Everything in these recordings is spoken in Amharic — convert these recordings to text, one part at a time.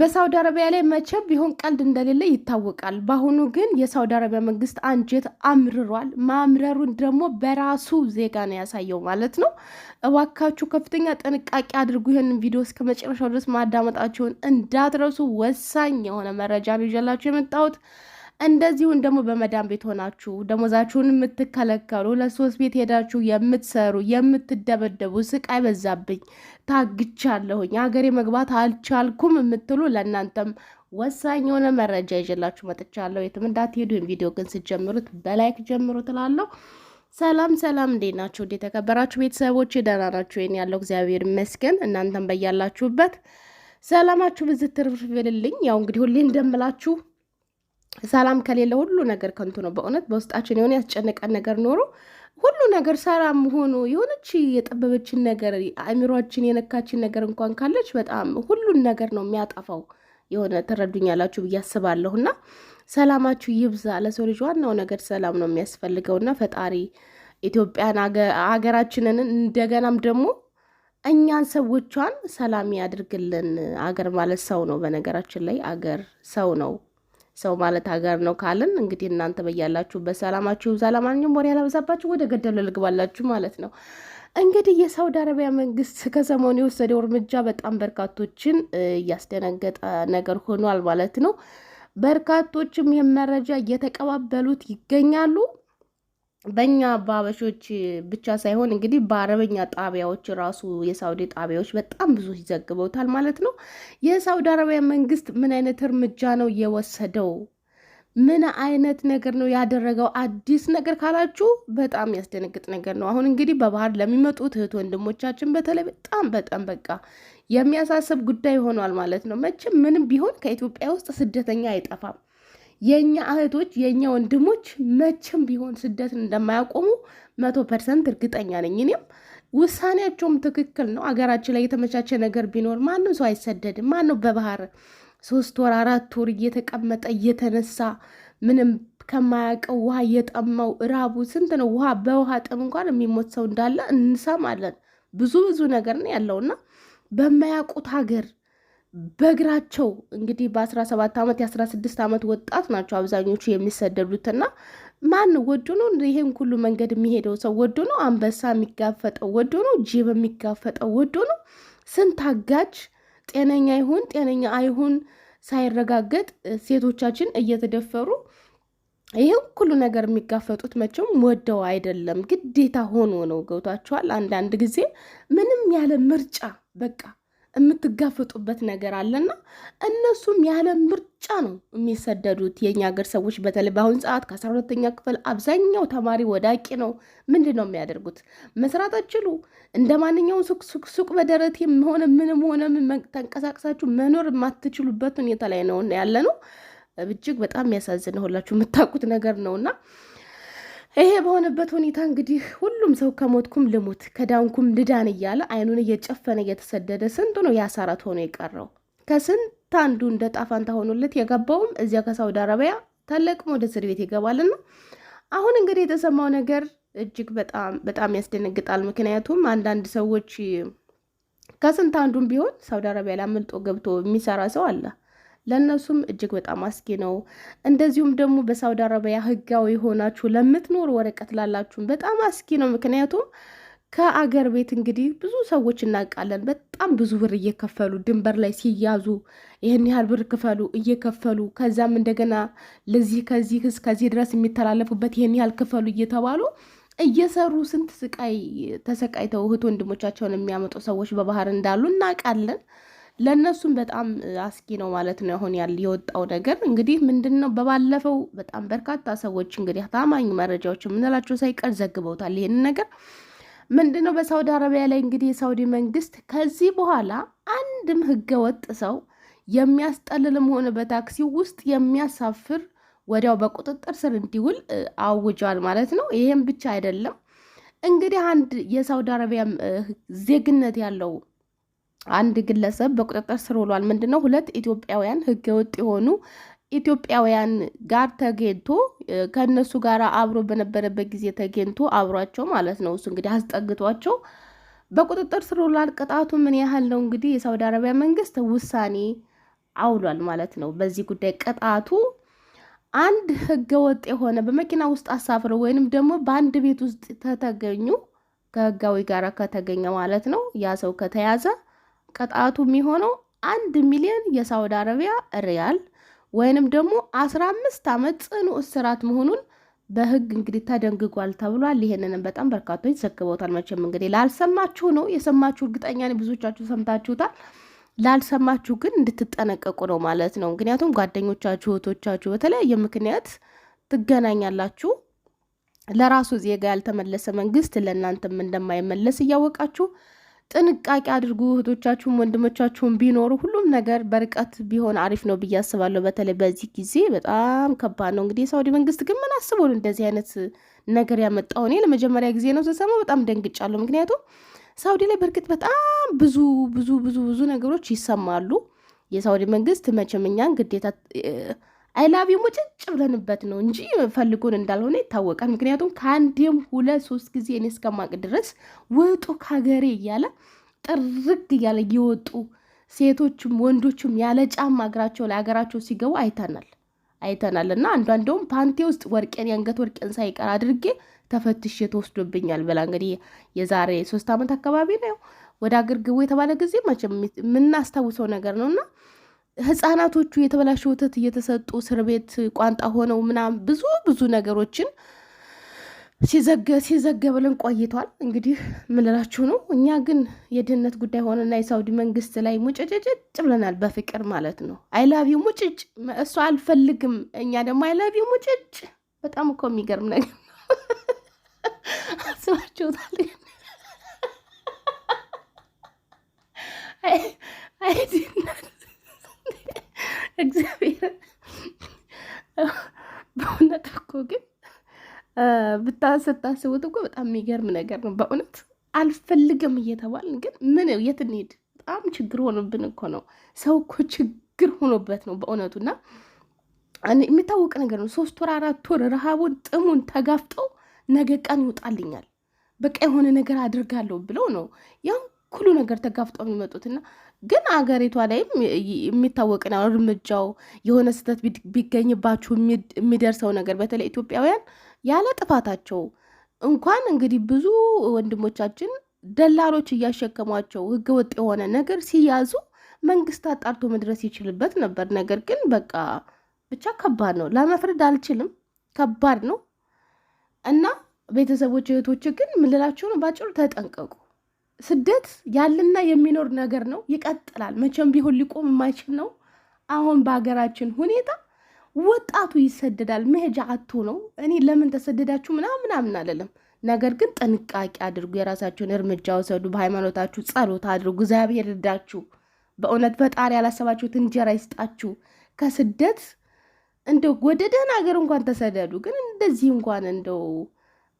በሳውዲ አረቢያ ላይ መቼም ቢሆን ቀልድ እንደሌለ ይታወቃል። በአሁኑ ግን የሳውዲ አረቢያ መንግስት አንጀት አምርሯል። ማምረሩን ደግሞ በራሱ ዜጋ ነው ያሳየው ማለት ነው። እባካችሁ ከፍተኛ ጥንቃቄ አድርጉ። ይህንን ቪዲዮ እስከ መጨረሻው ድረስ ማዳመጣችሁን እንዳትረሱ። ወሳኝ የሆነ መረጃ ይዤላችሁ የመጣሁት እንደዚሁን ደግሞ በመዳም ቤት ሆናችሁ ደሞዛችሁን የምትከለከሉ ለሶስት ቤት ሄዳችሁ የምትሰሩ የምትደበደቡ ስቃይ በዛብኝ ታግቻለሁኝ ሀገሬ መግባት አልቻልኩም የምትሉ ለእናንተም ወሳኝ የሆነ መረጃ ይዤላችሁ መጥቻለሁ። የትም እንዳትሄዱ። ቪዲዮ ግን ስትጀምሩት በላይክ ጀምሩ ትላለሁ። ሰላም ሰላም፣ እንዴት ናችሁ? እንዴት የተከበራችሁ ቤተሰቦች ደህና ናችሁ? ይሄን ያለው እግዚአብሔር ይመስገን። እናንተም በያላችሁበት ሰላማችሁ ብዝትርፍ ብልልኝ። ያው እንግዲህ ሁሌ እንደምላችሁ ሰላም ከሌለ ሁሉ ነገር ከንቱ ነው። በእውነት በውስጣችን የሆነ ያስጨነቀን ነገር ኖሮ ሁሉ ነገር ሰላም ሆኖ የሆነች የጠበበችን ነገር አእምሯችን የነካችን ነገር እንኳን ካለች በጣም ሁሉን ነገር ነው የሚያጠፋው። የሆነ ትረዱኛላችሁ ብዬ አስባለሁ። እና ሰላማችሁ ይብዛ። ለሰው ልጅ ዋናው ነገር ሰላም ነው የሚያስፈልገው። እና ፈጣሪ ኢትዮጵያን ሀገራችንን እንደገናም ደግሞ እኛን ሰዎቿን ሰላም ያድርግልን። አገር ማለት ሰው ነው። በነገራችን ላይ አገር ሰው ነው። ሰው ማለት ሀገር ነው ካልን እንግዲህ እናንተ በያላችሁ በሰላማችሁ ይብዛ። ለማንኛውም ወሬ ያላበዛባችሁ ወደ ገደለው ልግባላችሁ ማለት ነው። እንግዲህ የሳውዲ አረቢያ መንግስት ከሰሞኑ የወሰደው እርምጃ በጣም በርካቶችን እያስደነገጠ ነገር ሆኗል ማለት ነው። በርካቶችም ይህን መረጃ እየተቀባበሉት ይገኛሉ። በእኛ በአበሾች ብቻ ሳይሆን እንግዲህ በአረበኛ ጣቢያዎች ራሱ የሳውዲ ጣቢያዎች በጣም ብዙ ይዘግበውታል ማለት ነው። የሳውዲ አረቢያ መንግስት ምን አይነት እርምጃ ነው የወሰደው? ምን አይነት ነገር ነው ያደረገው? አዲስ ነገር ካላችሁ በጣም ያስደነግጥ ነገር ነው። አሁን እንግዲህ በባህር ለሚመጡት እህት ወንድሞቻችን በተለይ በጣም በጣም በቃ የሚያሳስብ ጉዳይ ሆኗል ማለት ነው። መቼም ምንም ቢሆን ከኢትዮጵያ ውስጥ ስደተኛ አይጠፋም። የእኛ እህቶች የእኛ ወንድሞች መቼም ቢሆን ስደትን እንደማያቆሙ መቶ ፐርሰንት እርግጠኛ ነኝ። እኔም ውሳኔያቸውም ትክክል ነው። አገራችን ላይ የተመቻቸ ነገር ቢኖር ማንም ሰው አይሰደድም። ማን ነው በባህር ሶስት ወር አራት ወር እየተቀመጠ እየተነሳ ምንም ከማያውቀው ውሃ እየጠማው እራቡ ስንት ነው ውሃ በውሃ ጥም እንኳን የሚሞት ሰው እንዳለ እንሰማለን። ብዙ ብዙ ነገር ነው ያለውና በማያውቁት ሀገር በእግራቸው እንግዲህ በ17 ዓመት የ16 ዓመት ወጣት ናቸው አብዛኞቹ የሚሰደዱትና ማን ወዶ ነው ይሄን ሁሉ መንገድ የሚሄደው ሰው ወዶ ነው? አንበሳ የሚጋፈጠው ወዶ ነው? ጅብ የሚጋፈጠው ወዶ ነው? ስንት አጋች ጤነኛ ይሁን ጤነኛ አይሁን ሳይረጋገጥ ሴቶቻችን እየተደፈሩ ይህን ሁሉ ነገር የሚጋፈጡት መቼም ወደው አይደለም፣ ግዴታ ሆኖ ነው። ገብቷችኋል? አንዳንድ ጊዜ ምንም ያለ ምርጫ በቃ የምትጋፈጡበት ነገር አለና እነሱም ያለ ምርጫ ነው የሚሰደዱት። የእኛ ሀገር ሰዎች በተለይ በአሁኑ ሰዓት ከአስራ ሁለተኛ ክፍል አብዛኛው ተማሪ ወዳቂ ነው። ምንድን ነው የሚያደርጉት? መስራት አችሉ እንደ ማንኛውም ሱቅ በደረት ሆነ ምንም ሆነ ተንቀሳቀሳችሁ መኖር የማትችሉበት ሁኔታ ላይ ነው ያለ ነው። እጅግ በጣም የሚያሳዝን ሁላችሁ የምታውቁት ነገር ነውና ይሄ በሆነበት ሁኔታ እንግዲህ ሁሉም ሰው ከሞትኩም ልሙት ከዳንኩም ልዳን እያለ አይኑን እየጨፈነ እየተሰደደ ስንቱ ነው ያሳራት ሆኖ የቀረው። ከስንት አንዱ እንደ ጣፋንታ ሆኖለት የገባውም እዚያ ከሳውዲ አረቢያ ተለቅሞ ወደ እስር ቤት ይገባልና አሁን እንግዲህ የተሰማው ነገር እጅግ በጣም በጣም ያስደነግጣል። ምክንያቱም አንዳንድ ሰዎች ከስንት አንዱም ቢሆን ሳውዲ አረቢያ ላይ አምልጦ ገብቶ የሚሰራ ሰው አለ። ለእነሱም እጅግ በጣም አስጊ ነው። እንደዚሁም ደግሞ በሳውዲ አረቢያ ህጋዊ የሆናችሁ ለምትኖር ወረቀት ላላችሁም በጣም አስጊ ነው። ምክንያቱም ከአገር ቤት እንግዲህ ብዙ ሰዎች እናውቃለን። በጣም ብዙ ብር እየከፈሉ ድንበር ላይ ሲያዙ ይህን ያህል ብር ክፈሉ እየከፈሉ ከዛም እንደገና ለዚህ ከዚህ እስከዚህ ድረስ የሚተላለፉበት ይህን ያህል ክፈሉ እየተባሉ እየሰሩ ስንት ስቃይ ተሰቃይተው እህት ወንድሞቻቸውን የሚያመጡ ሰዎች በባህር እንዳሉ እናውቃለን። ለእነሱም በጣም አስጊ ነው ማለት ነው። አሁን ያል የወጣው ነገር እንግዲህ ምንድን ነው? በባለፈው በጣም በርካታ ሰዎች እንግዲህ ታማኝ መረጃዎች የምንላቸው ሳይቀር ዘግበውታል ይህን ነገር ምንድን ነው። በሳውዲ አረቢያ ላይ እንግዲህ የሳውዲ መንግስት ከዚህ በኋላ አንድም ህገ ወጥ ሰው የሚያስጠልልም ሆነ በታክሲ ውስጥ የሚያሳፍር ወዲያው በቁጥጥር ስር እንዲውል አውጇል ማለት ነው። ይህም ብቻ አይደለም እንግዲህ አንድ የሳውዲ አረቢያ ዜግነት ያለው አንድ ግለሰብ በቁጥጥር ስር ውሏል። ምንድነው? ሁለት ኢትዮጵያውያን ህገወጥ የሆኑ ኢትዮጵያውያን ጋር ተገኝቶ ከእነሱ ጋር አብሮ በነበረበት ጊዜ ተገኝቶ አብሯቸው ማለት ነው እሱ እንግዲህ አስጠግቷቸው በቁጥጥር ስር ውሏል። ቅጣቱ ምን ያህል ነው? እንግዲህ የሳውዲ አረቢያ መንግስት ውሳኔ አውሏል ማለት ነው በዚህ ጉዳይ ቅጣቱ አንድ ህገወጥ የሆነ በመኪና ውስጥ አሳፍረ ወይንም ደግሞ በአንድ ቤት ውስጥ ከተገኙ ከህጋዊ ጋር ከተገኘ ማለት ነው ያ ሰው ከተያዘ ቅጣቱ የሚሆነው አንድ ሚሊዮን የሳውዲ አረቢያ ሪያል ወይንም ደግሞ አስራ አምስት ዓመት ጽኑ እስራት መሆኑን በህግ እንግዲህ ተደንግጓል ተብሏል። ይሄንንም በጣም በርካቶች ዘግበውታል። መቼም እንግዲህ ላልሰማችሁ ነው የሰማችሁ እርግጠኛ ነኝ ብዙዎቻችሁ ሰምታችሁታል። ላልሰማችሁ ግን እንድትጠነቀቁ ነው ማለት ነው። ምክንያቱም ጓደኞቻችሁ፣ እህቶቻችሁ በተለያየ ምክንያት ትገናኛላችሁ። ለራሱ ዜጋ ያልተመለሰ መንግስት ለእናንተም እንደማይመለስ እያወቃችሁ ጥንቃቄ አድርጉ። እህቶቻችሁም ወንድሞቻችሁም ቢኖሩ ሁሉም ነገር በርቀት ቢሆን አሪፍ ነው ብዬ አስባለሁ። በተለይ በዚህ ጊዜ በጣም ከባድ ነው። እንግዲህ የሳውዲ መንግስት ግን ምን አስቦ ነው እንደዚህ አይነት ነገር ያመጣው? እኔ ለመጀመሪያ ጊዜ ነው ስሰማ፣ በጣም ደንግጫለሁ። ምክንያቱም ሳውዲ ላይ በእርግጥ በጣም ብዙ ብዙ ብዙ ብዙ ነገሮች ይሰማሉ። የሳውዲ መንግስት መቼም እኛን ግዴታ አይላቢ ሙጭጭ ብለንበት ነው እንጂ ፈልጎን እንዳልሆነ ይታወቃል። ምክንያቱም ከአንድም ሁለት ሶስት ጊዜ እኔ እስከማቅ ድረስ ውጡ ካገሬ እያለ ጥርግ እያለ እየወጡ ሴቶችም ወንዶችም ያለ ጫማ እግራቸው ላይ ሀገራቸው ሲገቡ አይተናል አይተናል። እና አንዷ እንደውም ፓንቴ ውስጥ ወርቄን የአንገት ወርቄን ሳይቀር አድርጌ ተፈትሼ ተወስዶብኛል ብላ እንግዲህ የዛሬ ሶስት ዓመት አካባቢ ነው ወደ አገር ግቡ የተባለ ጊዜ መቼም የምናስታውሰው ነገር ነውና ህጻናቶቹ የተበላሸ ወተት እየተሰጡ እስር ቤት ቋንጣ ሆነው ምናም ብዙ ብዙ ነገሮችን ብለን ቆይቷል። እንግዲህ ምንላችሁ ነው። እኛ ግን የድህነት ጉዳይ ሆነና የሳውዲ መንግስት ላይ ሙጭጭጭጭ ብለናል። በፍቅር ማለት ነው። አይላቪው ሙጭጭ እሱ አልፈልግም፣ እኛ ደግሞ አይላቪው ሙጭጭ። በጣም እኮ የሚገርም ነገር አስባችሁታል? አይ ድህነት እግዚአብሔር በእውነት እኮ ግን ስታስቡት እኮ በጣም የሚገርም ነገር ነው። በእውነት አልፈልግም እየተባልን ግን ምን የት እንሂድ? በጣም ችግር ሆኖብን እኮ ነው። ሰው እኮ ችግር ሆኖበት ነው በእውነቱ እና የሚታወቅ ነገር ነው። ሶስት ወር አራት ወር ረሃቡን ጥሙን ተጋፍጠው ነገ ቀን ይውጣልኛል በቃ የሆነ ነገር አድርጋለሁ ብለው ነው ያው ሁሉ ነገር ተጋፍጠው የሚመጡትና ግን አገሪቷ ላይም የሚታወቅ ነው እርምጃው። የሆነ ስህተት ቢገኝባችሁ የሚደርሰው ነገር በተለይ ኢትዮጵያውያን ያለ ጥፋታቸው እንኳን እንግዲህ ብዙ ወንድሞቻችን ደላሎች እያሸከሟቸው ህገወጥ የሆነ ነገር ሲያዙ መንግስት አጣርቶ መድረስ ይችልበት ነበር። ነገር ግን በቃ ብቻ ከባድ ነው፣ ለመፍረድ አልችልም። ከባድ ነው እና ቤተሰቦች እህቶች ግን ምልላቸውን ልላችሁ ባጭሩ ተጠንቀቁ። ስደት ያለና የሚኖር ነገር ነው። ይቀጥላል። መቼም ቢሆን ሊቆም የማይችል ነው። አሁን በሀገራችን ሁኔታ ወጣቱ ይሰደዳል። መሄጃ አቶ ነው። እኔ ለምን ተሰደዳችሁ ምናምን ምናምን አለለም። ነገር ግን ጥንቃቄ አድርጉ፣ የራሳችሁን እርምጃ ወሰዱ፣ በሃይማኖታችሁ ጸሎት አድርጉ፣ እግዚአብሔር እርዳችሁ። በእውነት ፈጣሪ ያላሰባችሁት እንጀራ ይስጣችሁ። ከስደት እንደው ወደ ደህና ሀገር እንኳን ተሰደዱ፣ ግን እንደዚህ እንኳን እንደው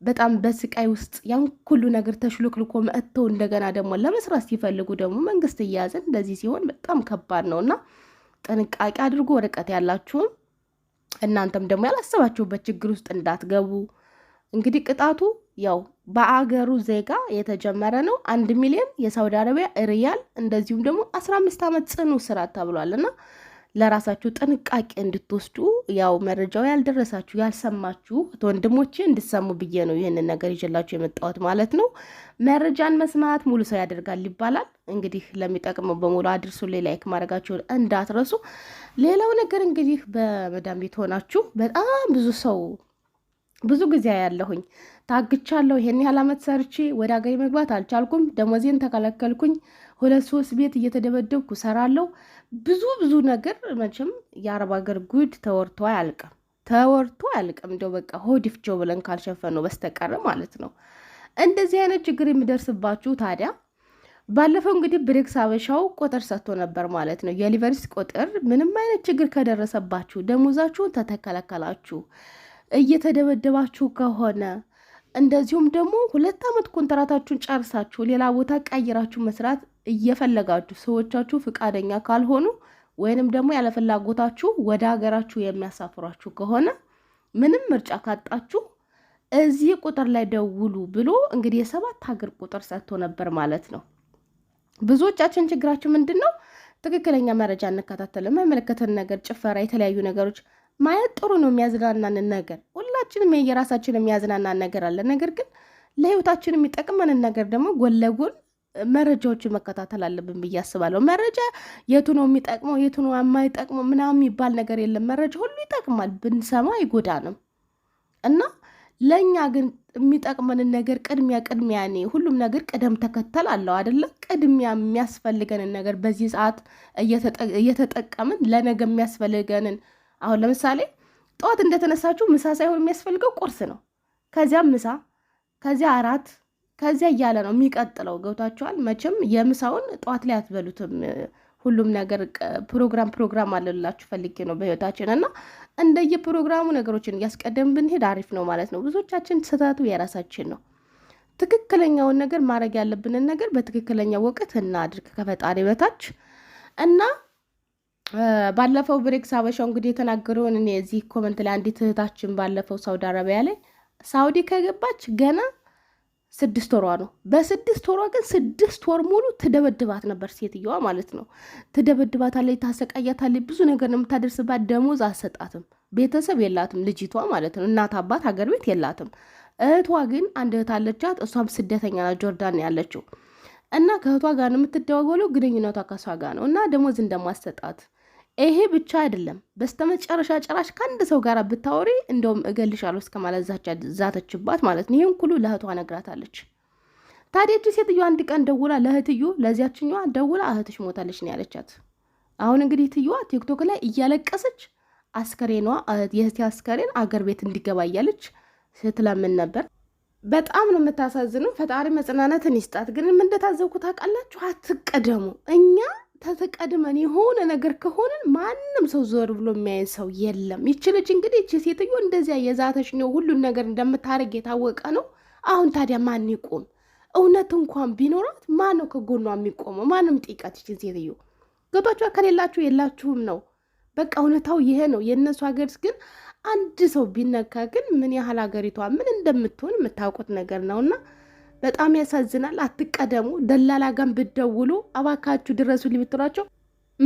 በጣም በስቃይ ውስጥ ያን ሁሉ ነገር ተሽሉክልኮ መጥተው እንደገና ደግሞ ለመስራት ሲፈልጉ ደግሞ መንግስት እያያዘን እንደዚህ ሲሆን በጣም ከባድ ነው እና ጥንቃቄ አድርጎ ወረቀት ያላችሁም እናንተም ደግሞ ያላሰባችሁበት ችግር ውስጥ እንዳትገቡ። እንግዲህ ቅጣቱ ያው በአገሩ ዜጋ የተጀመረ ነው። አንድ ሚሊዮን የሳውዲ አረቢያ ሪያል እንደዚሁም ደግሞ አስራ አምስት ዓመት ጽኑ እስራት ተብሏል እና ለራሳችሁ ጥንቃቄ እንድትወስዱ ያው መረጃው ያልደረሳችሁ ያልሰማችሁ ወንድሞቼ እንድሰሙ ብዬ ነው ይህንን ነገር ይዤላችሁ የመጣሁት ማለት ነው። መረጃን መስማት ሙሉ ሰው ያደርጋል ይባላል። እንግዲህ ለሚጠቅመው በሙሉ አድርሱ። ላይክ ማድረጋችሁን እንዳትረሱ። ሌላው ነገር እንግዲህ በመዳም ቤት ሆናችሁ በጣም ብዙ ሰው ብዙ ጊዜ ያለሁኝ ታግቻለሁ። ይሄን ያህል አመት ሰርቼ ወደ ሀገሬ መግባት አልቻልኩም፣ ደሞዜን ተከለከልኩኝ፣ ሁለት ሶስት ቤት እየተደበደብኩ ሰራለሁ፣ ብዙ ብዙ ነገር መቼም የአረብ ሀገር ጉድ ተወርቶ አያልቅም፣ ተወርቶ አያልቅም። እንደው በቃ ሆዲፍጆ ብለን ካልሸፈነው በስተቀር ማለት ነው። እንደዚህ አይነት ችግር የሚደርስባችሁ ታዲያ ባለፈው እንግዲህ ብሬክስ አበሻው ቁጥር ሰጥቶ ነበር ማለት ነው። የሊቨርስ ቁጥር ምንም አይነት ችግር ከደረሰባችሁ፣ ደሞዛችሁን ተተከለከላችሁ፣ እየተደበደባችሁ ከሆነ እንደዚሁም ደግሞ ሁለት ዓመት ኮንትራታችሁን ጨርሳችሁ ሌላ ቦታ ቀይራችሁ መስራት እየፈለጋችሁ ሰዎቻችሁ ፍቃደኛ ካልሆኑ ወይንም ደግሞ ያለፍላጎታችሁ ወደ ሀገራችሁ የሚያሳፍሯችሁ ከሆነ ምንም ምርጫ ካጣችሁ እዚህ ቁጥር ላይ ደውሉ ብሎ እንግዲህ የሰባት ሀገር ቁጥር ሰጥቶ ነበር ማለት ነው። ብዙዎቻችን ችግራችን ምንድን ነው? ትክክለኛ መረጃ እንከታተል፣ የማይመለከተን ነገር፣ ጭፈራ፣ የተለያዩ ነገሮች ማየት ጥሩ ነው፣ የሚያዝናናንን ነገር ሁላችንም የራሳችን የሚያዝናናን ነገር አለ። ነገር ግን ለህይወታችን የሚጠቅመንን ነገር ደግሞ ጎን ለጎን መረጃዎችን መከታተል አለብን ብዬ አስባለሁ። መረጃ የቱ ነው የሚጠቅመው የቱ ነው የማይጠቅመው ምናምን የሚባል ነገር የለም። መረጃ ሁሉ ይጠቅማል፣ ብንሰማ አይጎዳንም እና ለእኛ ግን የሚጠቅመንን ነገር ቅድሚያ ቅድሚያ እኔ ሁሉም ነገር ቅደም ተከተል አለው አደለ? ቅድሚያ የሚያስፈልገንን ነገር በዚህ ሰዓት እየተጠቀምን ለነገ የሚያስፈልገንን አሁን ለምሳሌ ጠዋት እንደተነሳችሁ ምሳ ሳይሆን የሚያስፈልገው ቁርስ ነው። ከዚያ ምሳ፣ ከዚያ አራት፣ ከዚያ እያለ ነው የሚቀጥለው። ገብቷችኋል? መቼም የምሳውን ጠዋት ላይ አትበሉትም። ሁሉም ነገር ፕሮግራም ፕሮግራም አለላችሁ ፈልጌ ነው በህይወታችን እና እንደየ ፕሮግራሙ ነገሮችን እያስቀደም ብንሄድ አሪፍ ነው ማለት ነው። ብዙዎቻችን ስህተቱ የራሳችን ነው። ትክክለኛውን ነገር ማድረግ ያለብንን ነገር በትክክለኛው ወቅት እናድርግ ከፈጣሪ በታች እና ባለፈው ብሬክስ አበሻው እንግዲህ የተናገረውን እኔ እዚህ ኮመንት ላይ አንዲት እህታችን ባለፈው ሳውዲ አረቢያ ላይ ሳውዲ ከገባች ገና ስድስት ወሯ ነው። በስድስት ወሯ ግን ስድስት ወር ሙሉ ትደበድባት ነበር ሴትየዋ ማለት ነው። ትደበድባታለች፣ ታሰቃያታለች፣ ብዙ ነገር ነው የምታደርስባት። ደሞዝ አሰጣትም፣ ቤተሰብ የላትም ልጅቷ ማለት ነው። እናት አባት ሀገር ቤት የላትም። እህቷ ግን አንድ እህት አለቻት፣ እሷም ስደተኛ ናት፣ ጆርዳን ያለችው እና ከእህቷ ጋር ነው የምትደዋወለው። ግንኙነቷ ከሷ ጋር ነው እና ደሞዝ እንደማሰጣት ይሄ ብቻ አይደለም። በስተመጨረሻ ጭራሽ ከአንድ ሰው ጋር ብታወሪ እንደውም እገልሻለሁ እስከ ማለት ዛተችባት ማለት ነው። ይህን ሁሉ ለእህቷ ነግራታለች። ታዲያ እቺ ሴትዮ አንድ ቀን ደውላ ለእህትዮ ለዚያችኛዋ ደውላ እህትሽ ሞታለች ነው ያለቻት። አሁን እንግዲህ እህትየዋ ቲክቶክ ላይ እያለቀሰች አስከሬኗ የእህቴ አስከሬን አገር ቤት እንዲገባ እያለች ስትለምን ነበር። በጣም ነው የምታሳዝኑ። ፈጣሪ መጽናናትን ይስጣት። ግን እንደታዘብኩ ታውቃላችሁ፣ አትቀደሙ። እኛ ተተቀድመን የሆነ ነገር ከሆንን ማንም ሰው ዞር ብሎ የሚያየን ሰው የለም። ይች ልጅ እንግዲህ ይች ሴትዮ እንደዚያ የዛተች ነው፣ ሁሉን ነገር እንደምታደርግ የታወቀ ነው። አሁን ታዲያ ማን ይቆም? እውነት እንኳን ቢኖራት ማን ነው ከጎኗ የሚቆመው? ማንም ጢቃት ይችን ሴትዮ ገጧቿ ከሌላችሁ የላችሁም ነው በቃ እውነታው ይሄ ነው። የእነሱ ሀገር ግን አንድ ሰው ቢነካ ግን ምን ያህል ሀገሪቷ ምን እንደምትሆን የምታውቁት ነገር እና በጣም ያሳዝናል። አትቀደሙ። ደላላ ጋን ብደውሉ አባካችሁ ድረሱ ሊምትሏቸው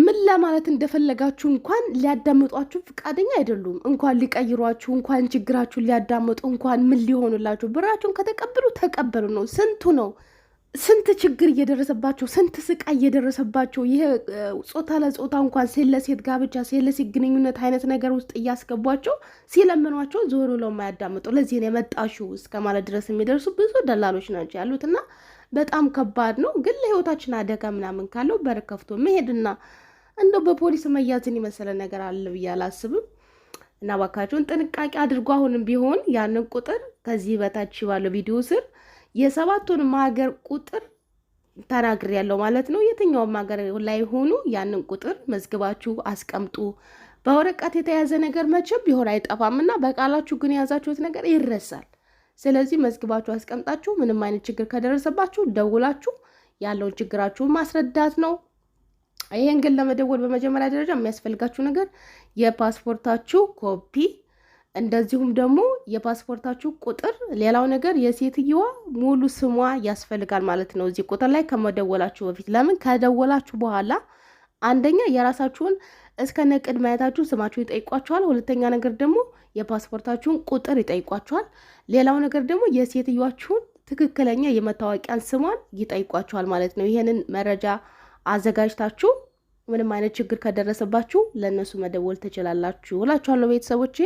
ምን ለማለት እንደፈለጋችሁ እንኳን ሊያዳምጧችሁ ፍቃደኛ አይደሉም። እንኳን ሊቀይሯችሁ፣ እንኳን ችግራችሁን ሊያዳምጡ፣ እንኳን ምን ሊሆኑላችሁ ብራችሁን ከተቀበሉ ተቀበሉ ነው። ስንቱ ነው ስንት ችግር እየደረሰባቸው ስንት ስቃይ እየደረሰባቸው ይሄ ጾታ ለጾታ እንኳን ሴት ለሴት ጋብቻ ሴት ለሴት ግንኙነት አይነት ነገር ውስጥ እያስገቧቸው ሲለምኗቸው ዞር ብለው ማያዳምጡ ለዚህ ነው የመጣሽው እስከ ማለት ድረስ የሚደርሱ ብዙ ደላሎች ናቸው ያሉት እና በጣም ከባድ ነው። ግን ለህይወታችን አደጋ ምናምን ካለው በር ከፍቶ መሄድና እንደው በፖሊስ መያዝን የመሰለ ነገር አለ ብዬ አላስብም። እና እባካችሁን ጥንቃቄ አድርጎ አሁንም ቢሆን ያንን ቁጥር ከዚህ በታች ባለው ቪዲዮ ስር የሰባቱንም ሀገር ቁጥር ተናግር ያለው ማለት ነው። የትኛውም ሀገር ላይ ሆኑ ያንን ቁጥር መዝግባችሁ አስቀምጡ። በወረቀት የተያዘ ነገር መቼም ቢሆን አይጠፋም እና በቃላችሁ ግን የያዛችሁት ነገር ይረሳል። ስለዚህ መዝግባችሁ አስቀምጣችሁ ምንም አይነት ችግር ከደረሰባችሁ ደውላችሁ ያለውን ችግራችሁን ማስረዳት ነው። ይህን ግን ለመደወል በመጀመሪያ ደረጃ የሚያስፈልጋችሁ ነገር የፓስፖርታችሁ ኮፒ እንደዚሁም ደግሞ የፓስፖርታችሁ ቁጥር፣ ሌላው ነገር የሴትየዋ ሙሉ ስሟ ያስፈልጋል ማለት ነው። እዚህ ቁጥር ላይ ከመደወላችሁ በፊት ለምን ከደወላችሁ በኋላ አንደኛ የራሳችሁን እስከነ ቅድማየታችሁ ስማችሁ ይጠይቋችኋል። ሁለተኛ ነገር ደግሞ የፓስፖርታችሁን ቁጥር ይጠይቋችኋል። ሌላው ነገር ደግሞ የሴትዮችሁን ትክክለኛ የመታወቂያን ስሟን ይጠይቋችኋል ማለት ነው። ይሄንን መረጃ አዘጋጅታችሁ ምንም አይነት ችግር ከደረሰባችሁ ለእነሱ መደወል ትችላላችሁ እላችኋለሁ ቤተሰቦቼ።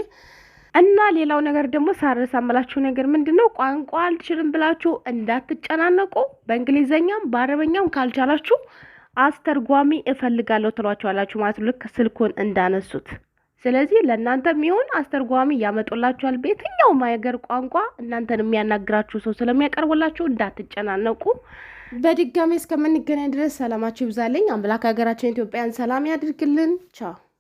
እና ሌላው ነገር ደግሞ ሳረሳመላችሁ ነገር ምንድን ነው ቋንቋ አልችልም ብላችሁ እንዳትጨናነቁ። በእንግሊዘኛም በአረበኛም ካልቻላችሁ አስተርጓሚ እፈልጋለሁ ትሏቸዋላችሁ ማለት ልክ ስልኩን እንዳነሱት። ስለዚህ ለእናንተ የሚሆን አስተርጓሚ ያመጡላችኋል። በየትኛውም ሀገር ቋንቋ እናንተን የሚያናግራችሁ ሰው ስለሚያቀርቡላችሁ እንዳትጨናነቁ። በድጋሚ እስከምንገናኝ ድረስ ሰላማችሁ ይብዛልኝ። አምላክ ሀገራችን ኢትዮጵያን ሰላም ያድርግልን። ቻው